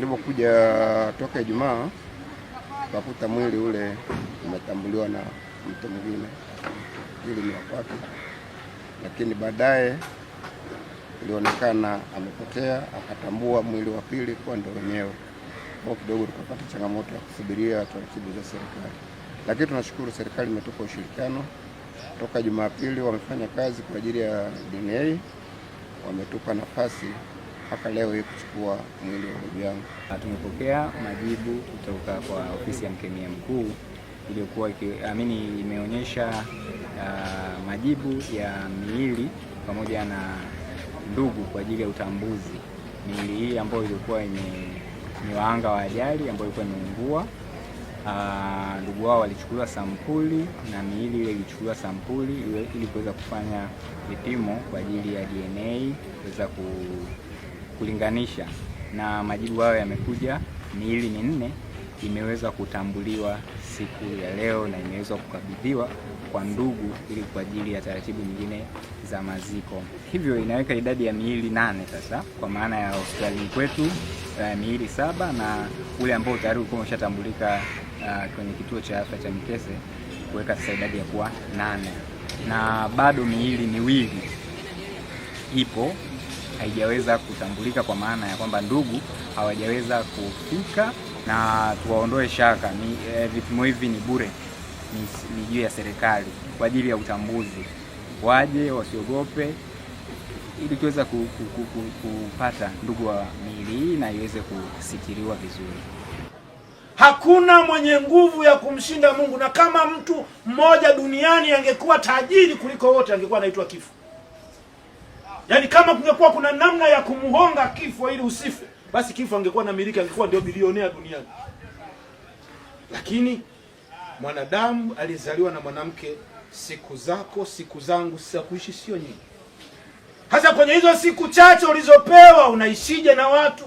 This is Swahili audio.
Nilipokuja toka Ijumaa kakuta mwili ule umetambuliwa na mtu mwingine, ili ni wakwake, lakini baadaye ilionekana amepotea, akatambua mwili wa pili kuwa ndo wenyewe. Kwa kidogo tukapata changamoto ya kusubiria taratibu za serikali, lakini tunashukuru serikali imetupa ushirikiano toka Jumapili, wamefanya kazi kwa ajili ya DNA, wametupa nafasi mpaka leo hii kuchukua mwili wa ndugu yangu. Tumepokea majibu kutoka kwa ofisi ya mkemia mkuu iliyokuwa amini imeonyesha uh, majibu ya miili pamoja na ndugu kwa ajili ya utambuzi. Miili hii ambayo ilikuwa ni waanga wa ajali ambayo ilikuwa imeungua uh, ndugu uh, wao walichukuliwa sampuli na miili ile ilichukuliwa sampuli ili kuweza kufanya vipimo kwa ajili ya DNA kuweza ku kulinganisha na majibu hayo yamekuja, miili minne imeweza kutambuliwa siku ya leo na imeweza kukabidhiwa kwa ndugu ili kwa ajili ya taratibu nyingine za maziko. Hivyo inaweka idadi ya miili nane sasa, kwa maana ya hospitalini kwetu uh, miili saba na ule ambao tayari ulikuwa umeshatambulika uh, kwenye kituo cha afya cha Mikese kuweka sasa idadi ya kuwa nane na bado miili miwili ipo haijaweza kutambulika kwa maana ya kwamba ndugu hawajaweza kufika, na tuwaondoe shaka ni, e, vipimo hivi ni bure, ni juu ya serikali kwa ajili ya utambuzi. Waje wasiogope, ili tuweza kupata ndugu wa miili hii na iweze kusikiliwa vizuri. Hakuna mwenye nguvu ya kumshinda Mungu, na kama mtu mmoja duniani angekuwa tajiri kuliko wote angekuwa anaitwa kifo. Yaani kama kungekuwa kuna namna ya kumhonga kifo ili usife, basi kifo angekuwa na miliki, angekuwa ndio bilionea duniani. Lakini mwanadamu alizaliwa na mwanamke, siku zako siku zangu za kuishi sio nyingi. Hasa kwenye hizo siku chache ulizopewa, unaishije na watu?